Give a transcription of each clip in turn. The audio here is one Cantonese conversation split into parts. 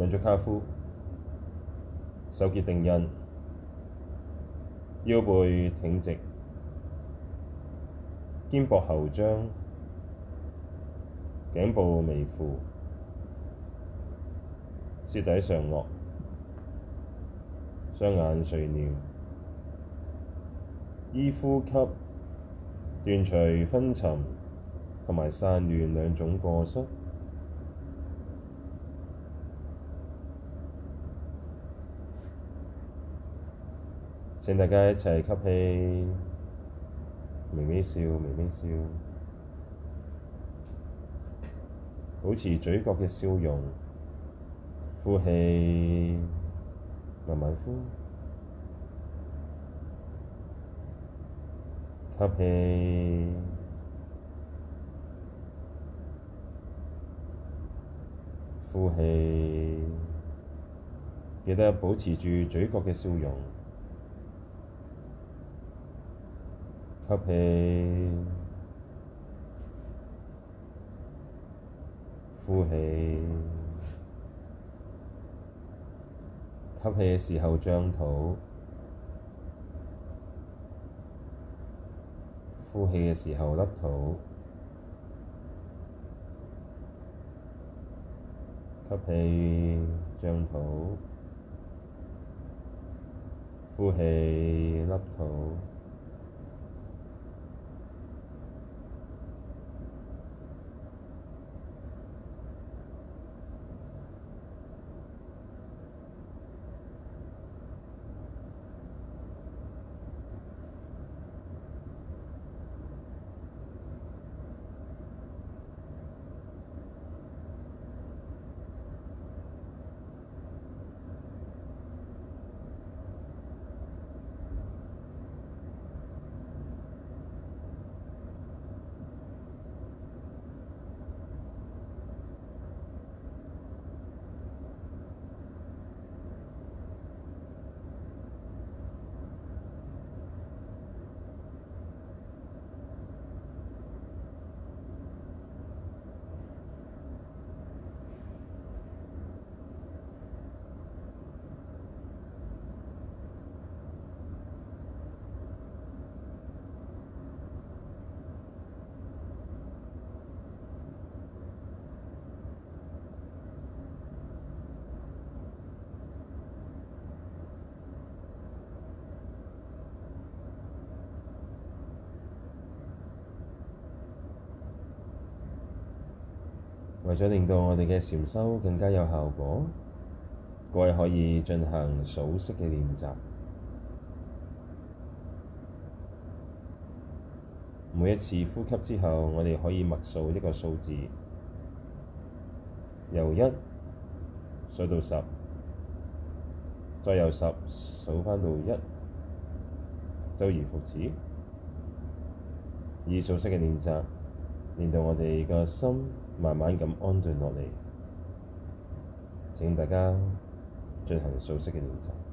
兩隻跏趺手結定印，腰背挺直，肩膊後張，頸部微俯，舌抵上顎，雙眼垂簾，依呼吸斷除昏沉同埋散亂兩種過失。請大家一齊吸氣，微微笑，微微笑，保持嘴角嘅笑容。呼氣，慢慢呼，吸氣，呼氣，記得保持住嘴角嘅笑容。吸氣，呼氣。吸氣嘅時候張肚，呼氣嘅時候凹肚。吸氣張肚，呼氣凹肚。粒為咗令到我哋嘅禪修更加有效果，各位可以進行數息嘅練習。每一次呼吸之後，我哋可以默數一個數字，由一數到十，再由十數返到一，周而復始，以數息嘅練習令到我哋個心。慢慢咁安頓落嚟，請大家進行數息嘅練習。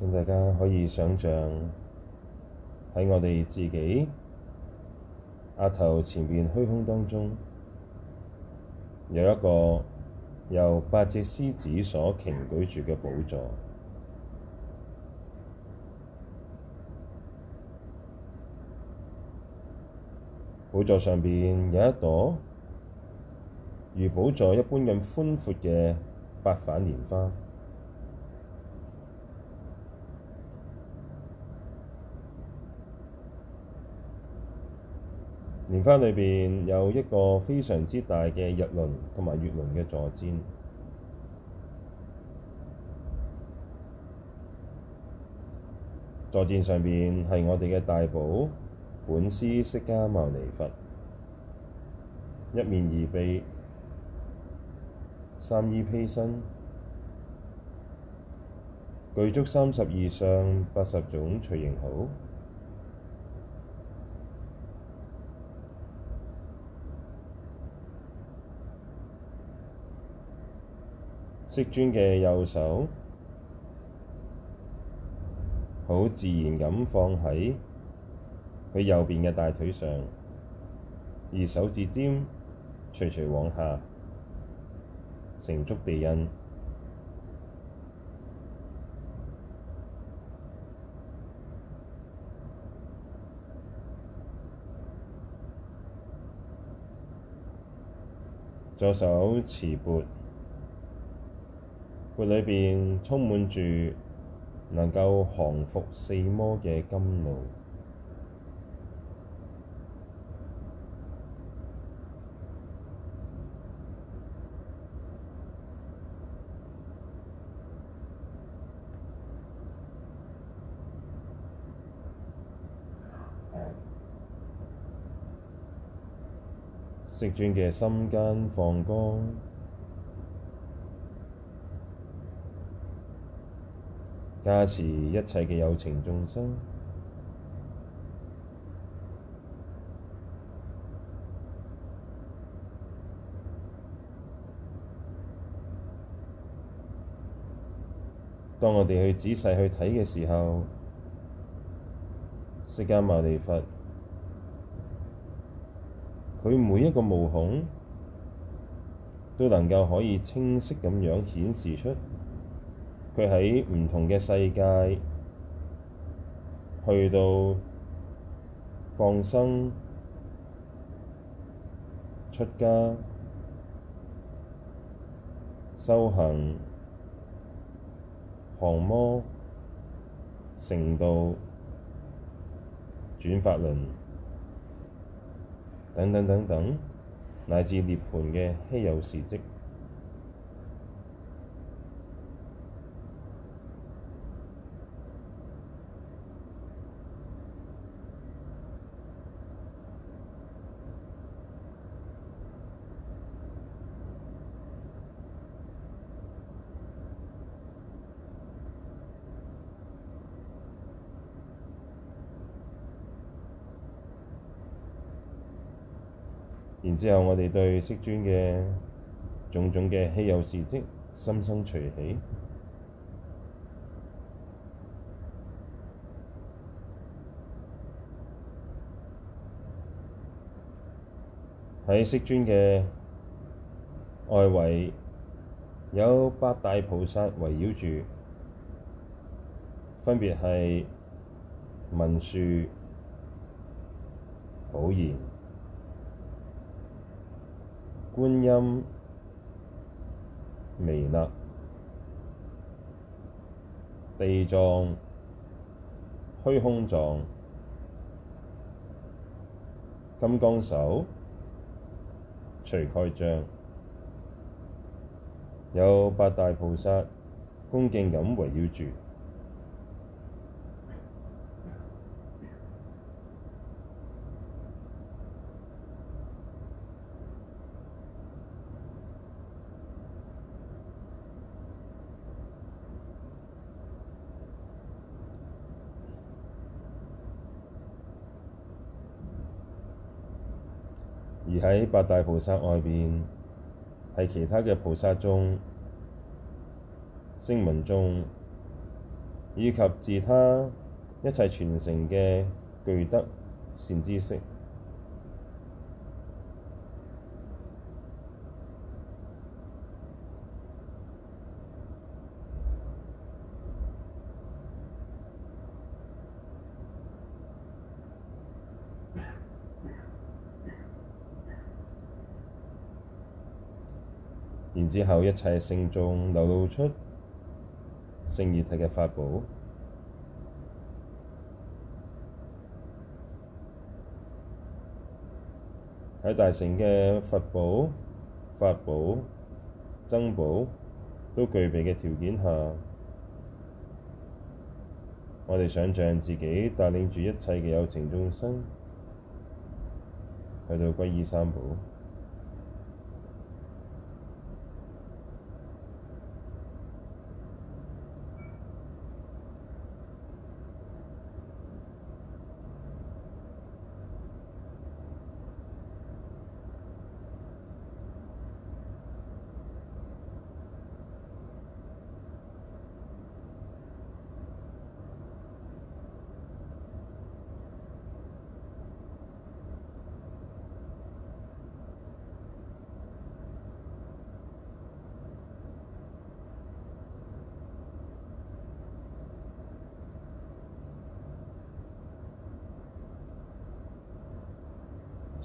請大家可以想像喺我哋自己額頭前邊虛空當中，有一個由八隻獅子所擎舉住嘅寶座。寶座上邊有一朵如寶座一般咁寬闊嘅八瓣蓮花。蓮花裏面有一個非常之大嘅日輪同埋月輪嘅坐墊，坐墊上面係我哋嘅大寶本師釋迦牟尼佛，一面二臂，三衣披身，具足三十二相八十種隨形好。釋尊嘅右手好自然咁放喺佢右邊嘅大腿上，而手指尖垂垂往下成觸地印。左手持缽。裏面充滿住能夠降服四魔嘅甘露， 食轉嘅心間放光。加持一切嘅有情眾生。當我哋去仔細去睇嘅時候，釋迦牟尼佛，佢每一個毛孔，都能夠可以清晰咁樣顯示出。佢喺唔同嘅世界，去到放生、出家、修行、降魔、成道、轉法輪等等等等，乃至涅槃嘅稀有事蹟。之後，我哋對釋尊嘅種種嘅稀有事蹟心生隨喜。喺釋尊嘅外圍有八大菩薩圍繞住，分別係文殊、普賢。觀音、彌勒、地藏、虛空藏、金剛手、除蓋障，有八大菩薩恭敬咁圍繞住。喺八大菩薩外邊，係其他嘅菩薩眾，聲聞眾，以及自他一切傳承嘅具德善知識。之後，一切聖眾流露出聖熱體嘅法寶，喺大乘嘅佛寶、法寶、僧寶都具備嘅條件下，我哋想像自己帶領住一切嘅有情眾生去到皈依三寶。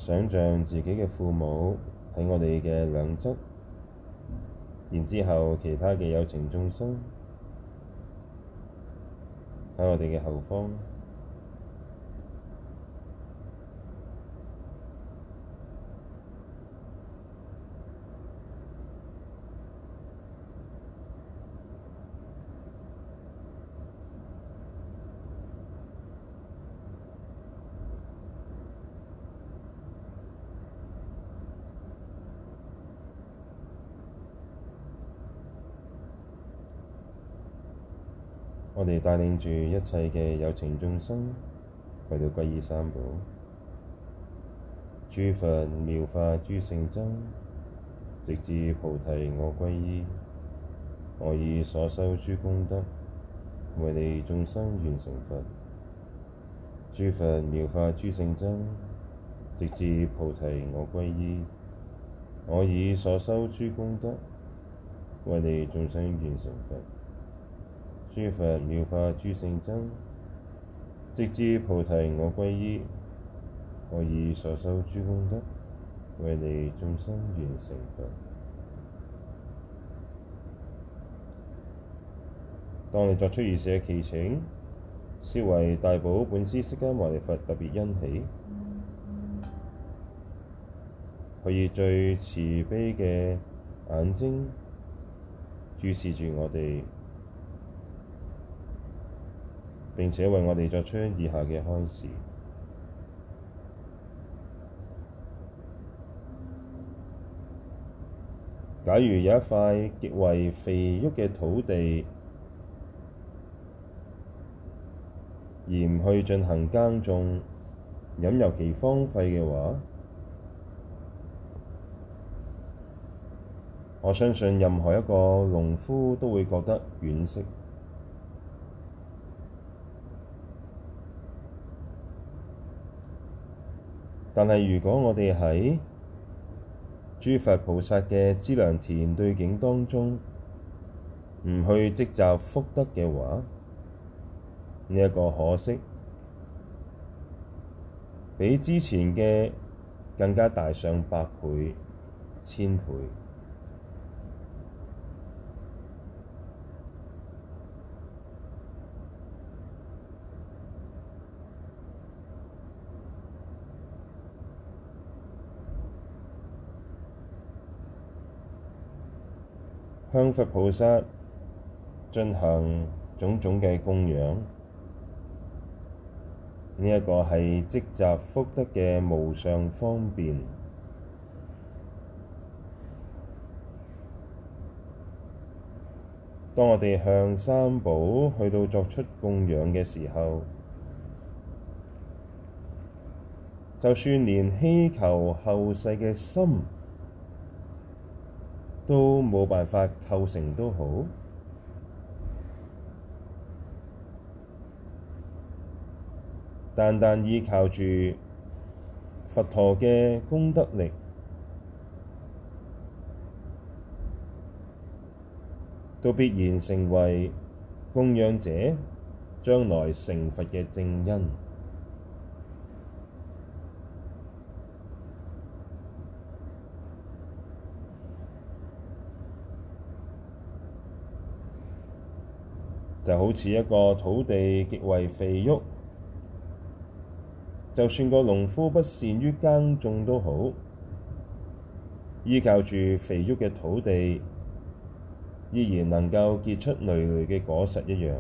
想象自己嘅父母喺我哋嘅兩側，然之後其他嘅有情眾生喺我哋嘅後方。帶領住一切嘅有情眾生，為到歸依三寶，諸佛妙法諸聖僧，直至菩提我歸依，我以所修諸功德，為你眾生完成佛。諸佛妙法諸聖僧，直至菩提我歸依，我以所修諸功德，為你眾生完成佛。諸佛妙法諸聖僧，直至菩提我歸依，我以所受諸功德，為你眾生完成佛。嗯、當你作出如是嘅祈請，視為、嗯、大寶本師釋迦牟尼佛特別欣喜，佢、嗯嗯、以最慈悲嘅眼睛注視住我哋。並且為我哋作出以下嘅開示：假如有一塊極為肥沃嘅土地，而唔去進行耕種，任由其荒廢嘅話，我相信任何一個農夫都會覺得惋惜。但係，如果我哋喺諸佛菩薩嘅資糧田對境當中，唔去積集福德嘅話，呢、這、一個可惜，比之前嘅更加大上百倍、千倍。向佛菩薩進行種種嘅供養，呢一個係積集福德嘅無上方便。當我哋向三寶去到作出供養嘅時候，就算連希求後世嘅心，都冇辦法構成都好，單單依靠住佛陀嘅功德力，都必然成為供養者將來成佛嘅正因。就好似一個土地極為肥沃，就算個農夫不善於耕種都好，依靠住肥沃嘅土地，依然能夠結出累累嘅果實一樣。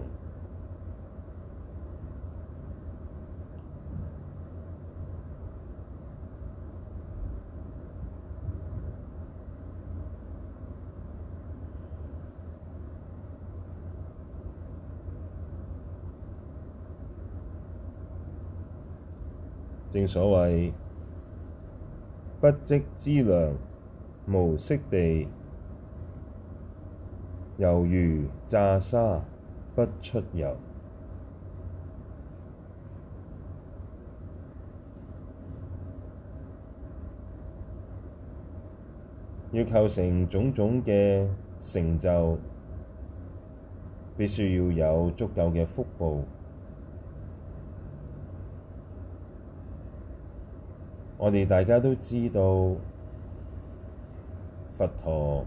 正所謂不積資糧，無悉地，猶如榨沙不出油，要構成種種嘅成就，必須要有足夠嘅福報。我哋大家都知道，佛陀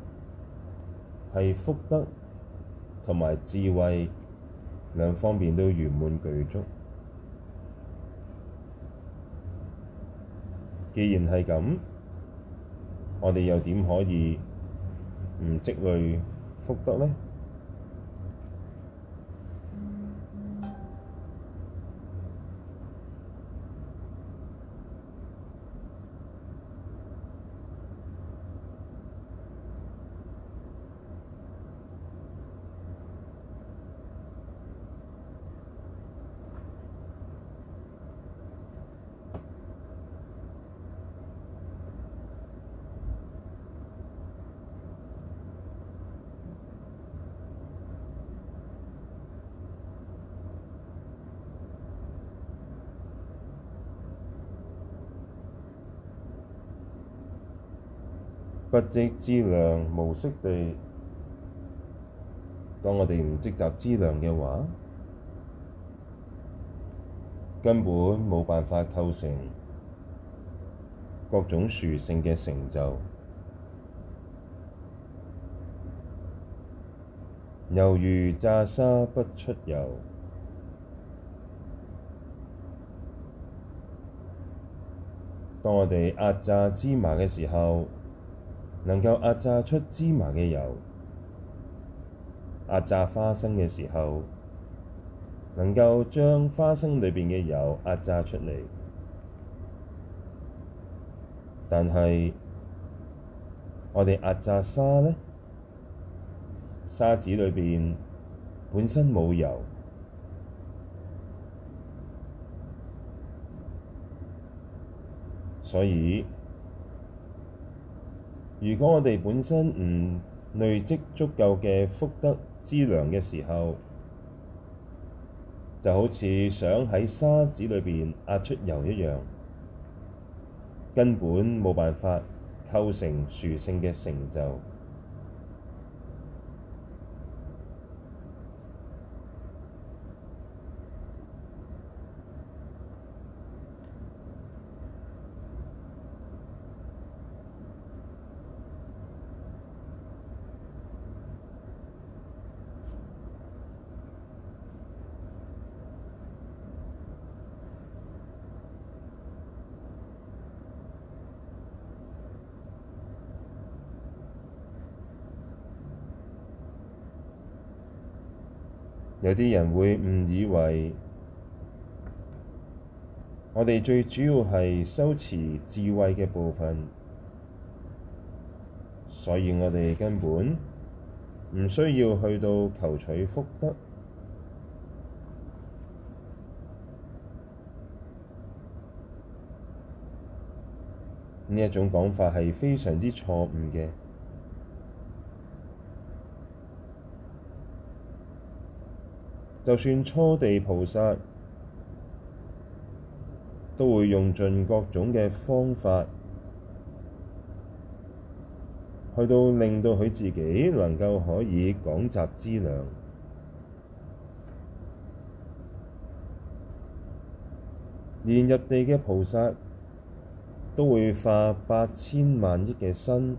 係福德同埋智慧兩方面都圓滿具足。既然係咁，我哋又點可以唔積累福德呢？積資糧，無悉地。當我哋唔積集資糧嘅話，根本冇辦法構成各種殊勝嘅成就，猶如榨沙不出油。當我哋壓榨芝麻嘅時候，能夠壓榨出芝麻嘅油，壓榨花生嘅時候，能夠將花生裏邊嘅油壓榨出嚟。但係，我哋壓榨沙呢，沙子裏邊本身冇油，所以，如果我哋本身唔累積足夠嘅福德資糧嘅時候，就好似想喺沙子裏邊壓出油一樣，根本冇辦法構成殊勝嘅成就。有啲人會誤以為我哋最主要係修持智慧嘅部分，所以我哋根本唔需要去到求取福德。呢一種講法係非常之錯誤嘅。就算初地菩薩都會用盡各種嘅方法，去到令到佢自己能夠可以廣集資糧，連入地嘅菩薩都會化八千萬億嘅身，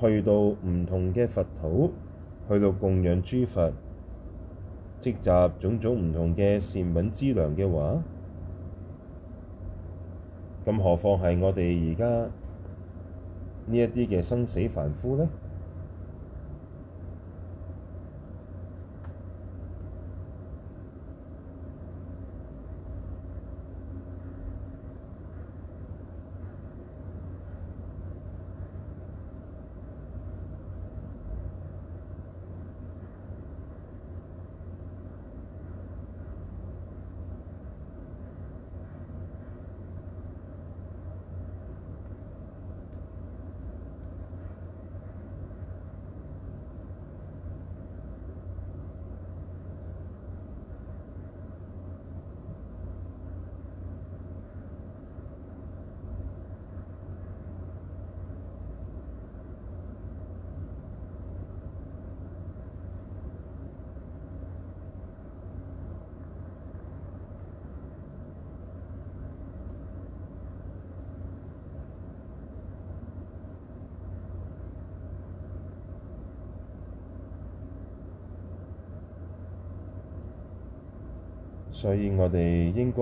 去到唔同嘅佛土，去到供養諸佛。積集種種唔同嘅善品資糧嘅話，咁何況係我哋而家呢一啲嘅生死凡夫呢？所以我哋應該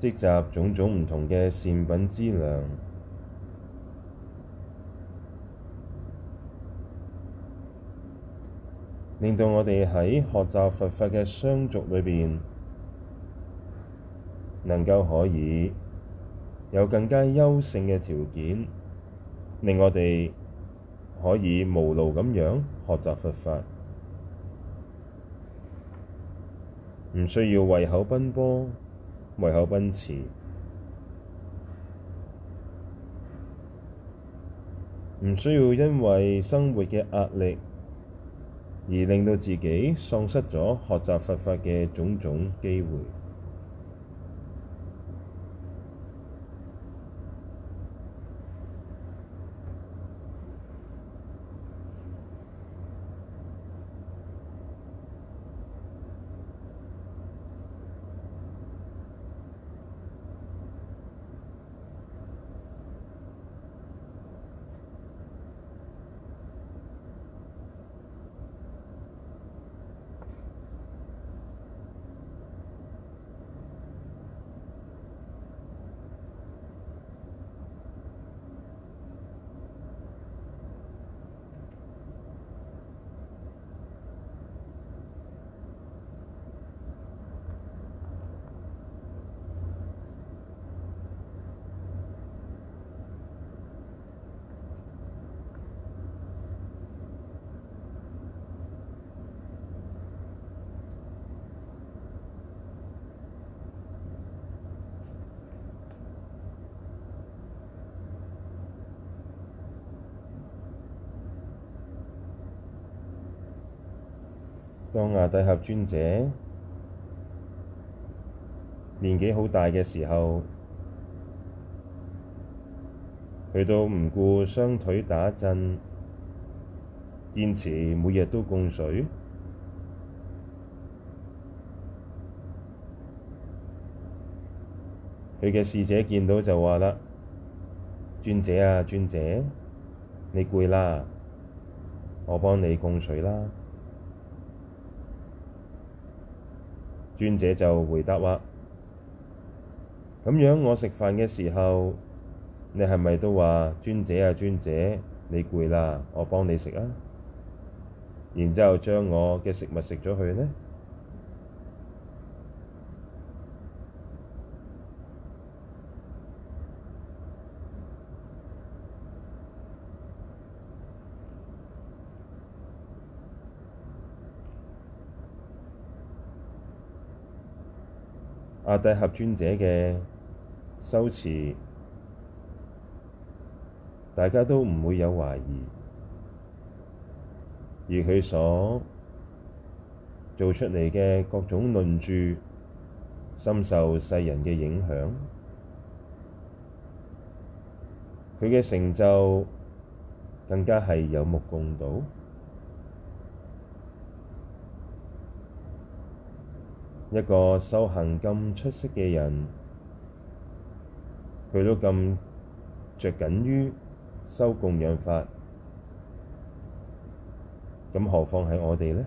積集種種唔同嘅善品資糧，令到我哋喺學習佛法嘅相續裏邊，能夠可以有更加優勝嘅條件，令我哋可以無勞咁樣學習佛法。唔需要為口奔波，為口奔馳，唔需要因為生活嘅壓力而令到自己喪失咗學習佛法嘅種種機會。當阿底峽尊者年紀好大嘅時候，佢都唔顧雙腿打震，堅持每日都供水。佢嘅侍者見到就話喇：尊者啊，尊者，你攰啦，我幫你供水啦。尊者就回答話：咁樣我食飯嘅時候，你係咪都話尊者啊？尊者，你攰啦，我幫你食啊！然之後將我嘅食物食咗去呢。大合尊者嘅修持，大家都唔會有懷疑，而佢所做出嚟嘅各種論著，深受世人嘅影響，佢嘅成就更加係有目共睹。一個修行咁出色嘅人，佢都咁著緊於修供養法，咁何況係我哋呢？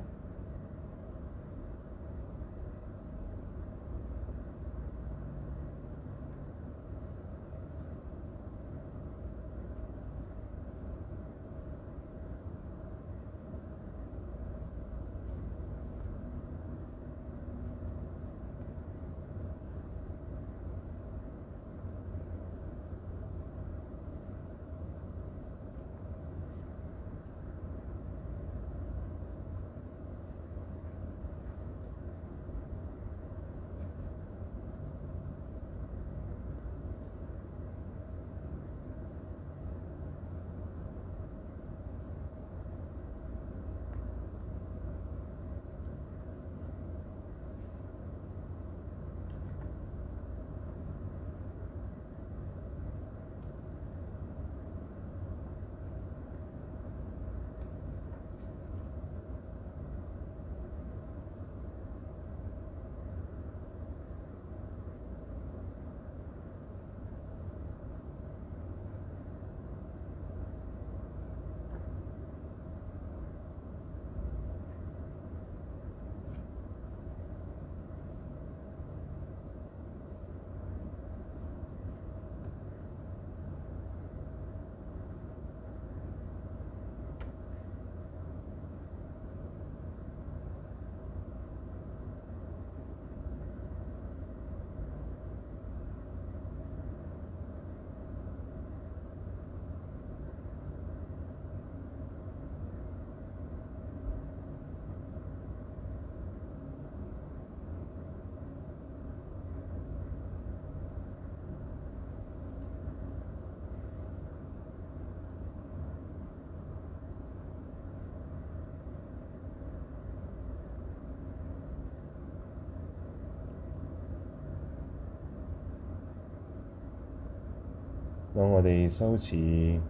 當我哋修持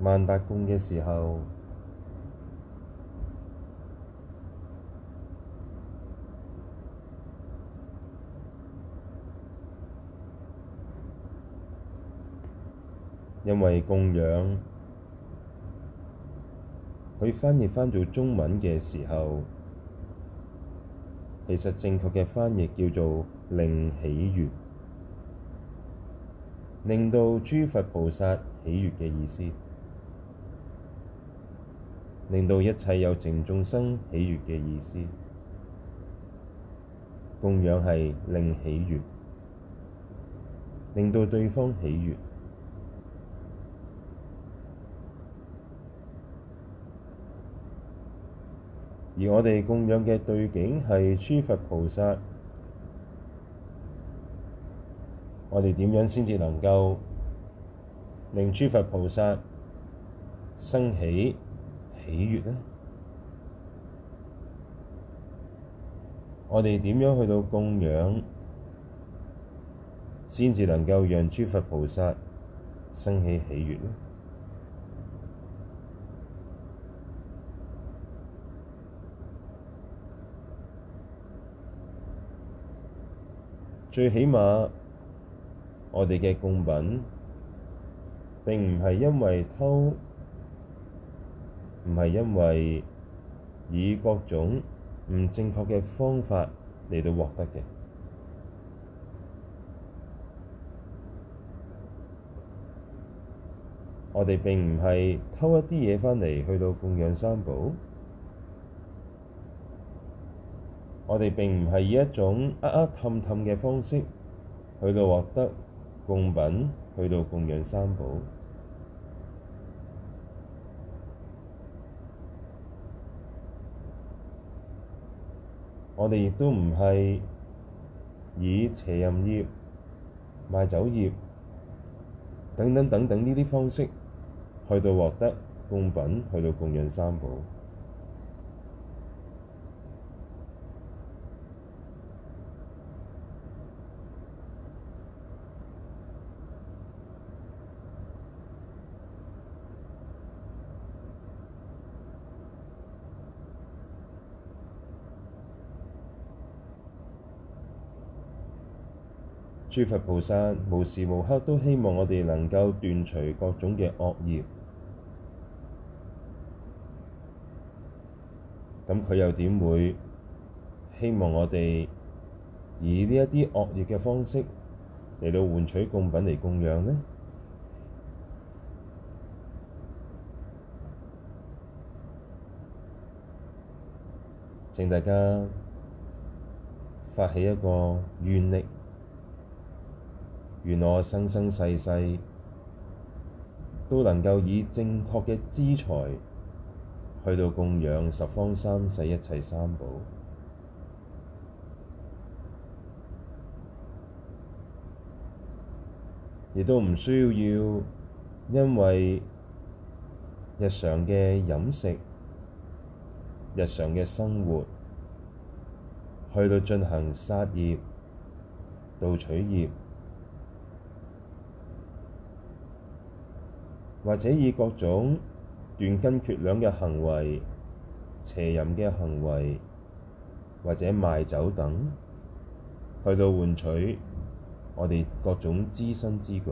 萬達供嘅時候，因為供養，佢翻譯翻做中文嘅時候，其實正確嘅翻譯叫做令喜悅。令到諸佛菩薩喜悅嘅意思，令到一切有情眾生喜悅嘅意思。供養係令喜悅，令到對方喜悅。而我哋供養嘅對境係諸佛菩薩。我哋點樣先至能夠令諸佛菩薩生起喜悅呢？我哋點樣去到供養，先至能夠讓諸佛菩薩生起喜悅呢？最起碼。我哋嘅供品並唔係因為偷，唔係因為以各種唔正確嘅方法嚟到獲得嘅。我哋並唔係偷一啲嘢返嚟去到供養三寶。我哋並唔係以一種呃呃氹氹嘅方式去到獲得。供品去到供養三寶，我哋亦都唔係以邪淫業、賣酒業等等等等呢啲方式去到獲得供品，去到供養三寶。諸佛菩薩無時無刻都希望我哋能夠斷除各種嘅惡業，噉佢又點會希望我哋以呢一啲惡業嘅方式嚟到換取供品嚟供養呢？請大家發起一個願力。願我生生世世都能夠以正確嘅資財去到供養十方三世一切三寶，亦都唔需要要因為日常嘅飲食、日常嘅生活去到進行殺業、盜取業。或者以各種斷根缺糧嘅行為、邪淫嘅行為，或者賣酒等，去到換取我哋各種資身之具，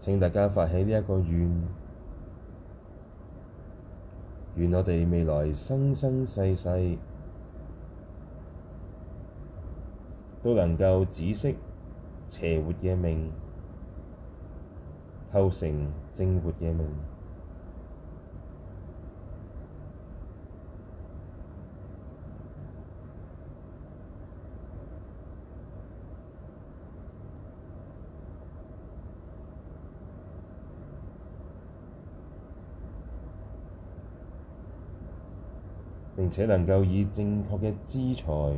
請大家發起呢一個願。願我哋未來生生世世都能夠止息邪活嘅命，透成正活嘅命。且能夠以正確嘅資財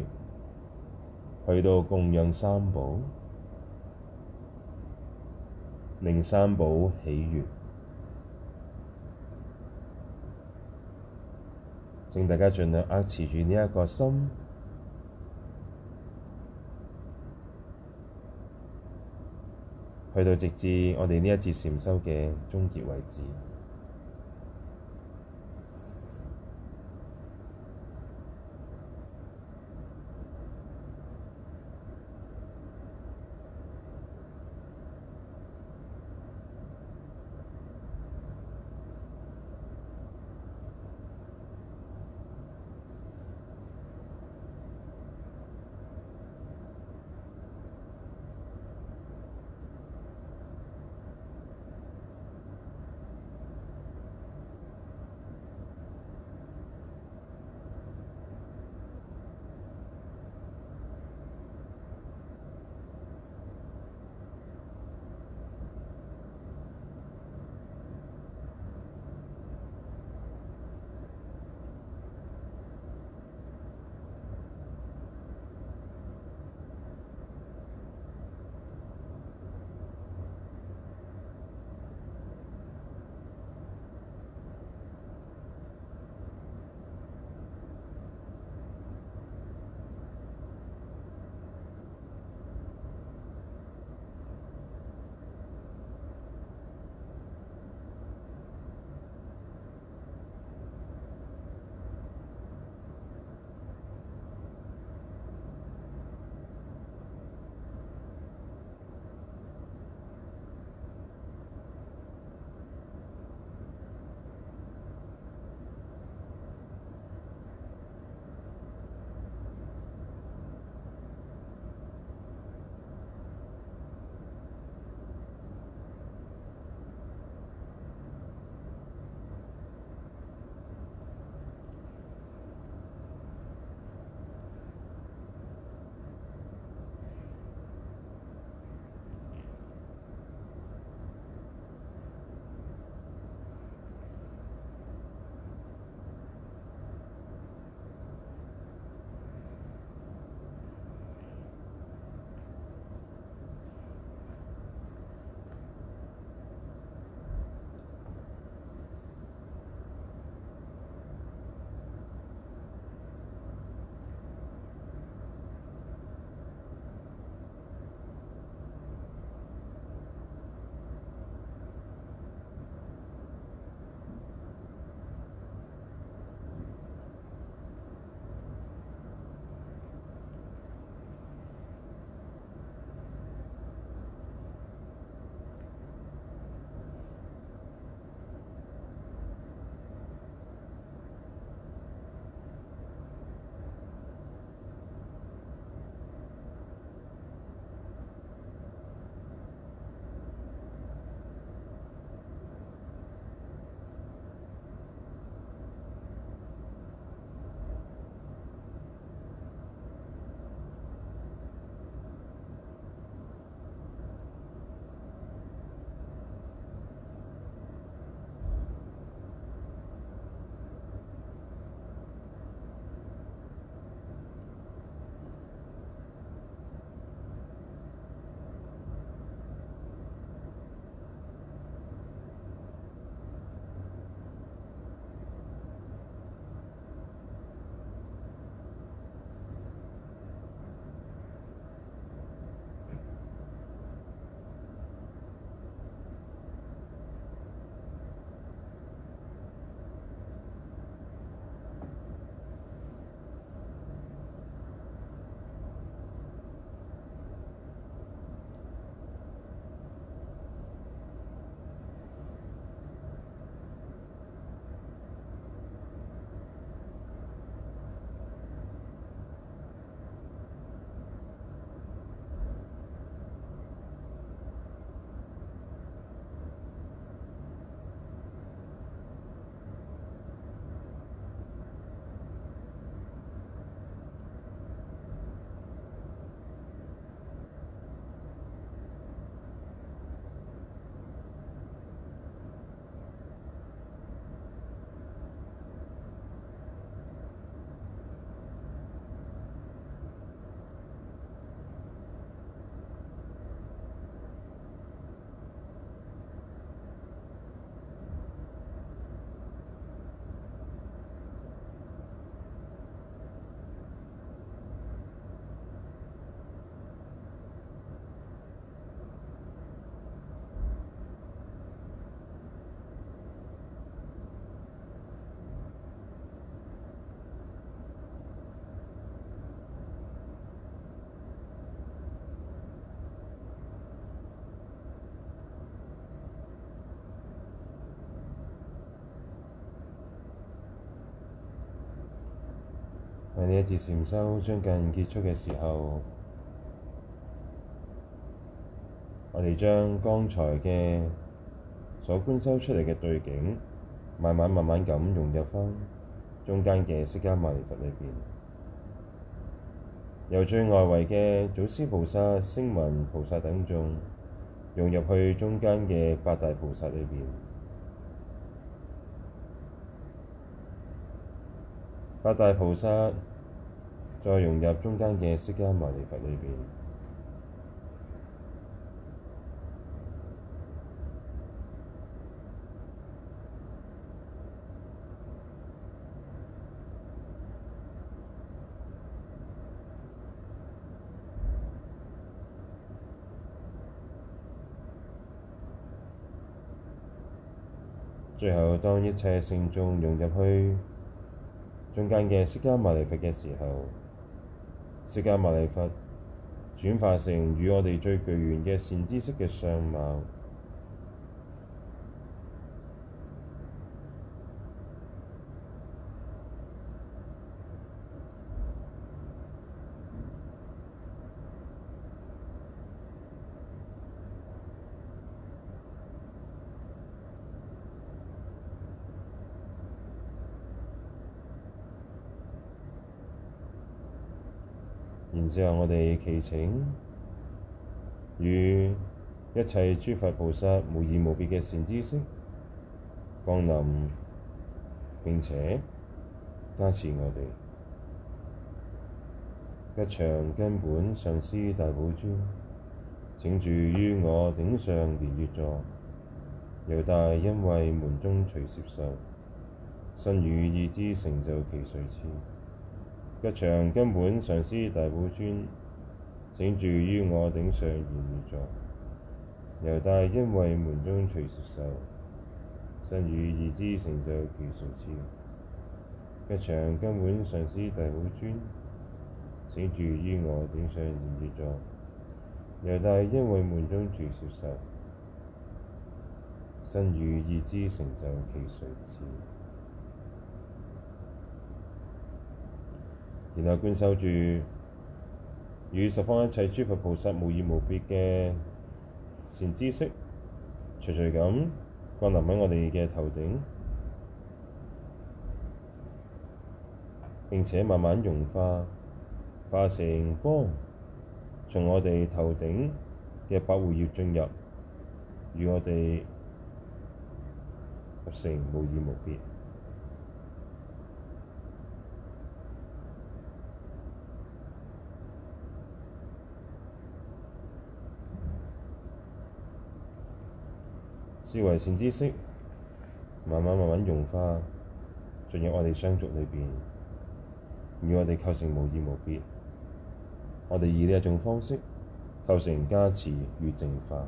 去到供養三寶，令三寶喜悦。請大家盡量握持住呢一個心，去到直至我哋呢一次禪修嘅終結為止。喺呢一節禪修將近結束嘅時候，我哋將剛才嘅所觀修出嚟嘅對境，慢慢慢慢咁融入返中間嘅釋迦牟尼佛裏邊，由最外圍嘅祖師菩薩、聲聞菩薩等眾，融入去中間嘅八大菩薩裏邊，八大菩薩。再融入中間嘅釋迦牟尼佛裏面，最後當一切聖眾融入去中間嘅釋迦牟尼佛嘅時候。釋迦牟尼佛轉化成與我哋最具緣嘅善知識嘅相貌。之後我，我哋祈請與一切諸佛菩薩無二無別嘅善知識降臨，並且加持我哋吉祥根本上師大寶尊，請住於我頂上蓮月座，又大因為門中隨攝受，身與意之成就其隨次。吉祥根本上師大寶尊，請住於我頂上圓月座，由大因位門中住攝受，身語意之成就其隨智。吉祥根本上師大寶尊，請住於我頂上圓月座，由大因位門中住攝受，身語意之成就其隨智。然後觀修住與十方一切諸佛菩薩無異無別嘅善知識，徐徐咁降臨喺我哋嘅頭頂，並且慢慢融化，化成光，從我哋頭頂嘅百會穴進入，與我哋合成無異無別。是為善知識，慢慢慢慢融化，進入我哋相續裏邊，與我哋構成無二無別。我哋以呢一種方式構成加持與淨化。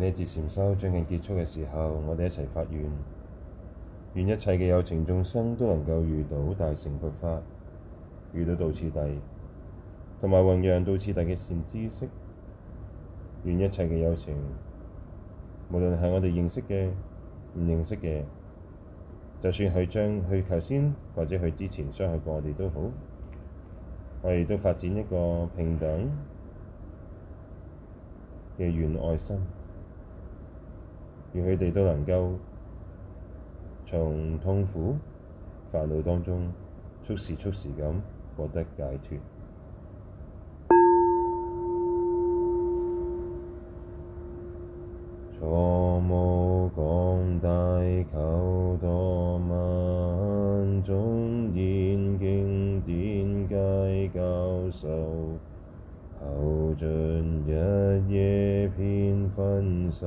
呢節禪修將近結束嘅時候，我哋一齊發願，願一切嘅有情眾生都能夠遇到大乘佛法，遇到道次第，同埋弘揚道次第嘅善知識。願一切嘅有情，無論係我哋認識嘅、唔認識嘅，就算佢將去頭先或者去之前傷害過我哋都好，我哋都發展一個平等嘅願愛心。讓佢哋都能夠從痛苦煩惱當中，速時速時咁獲得解脱。 坐無講大，求多萬種言經典解，教授，後盡日夜遍分手。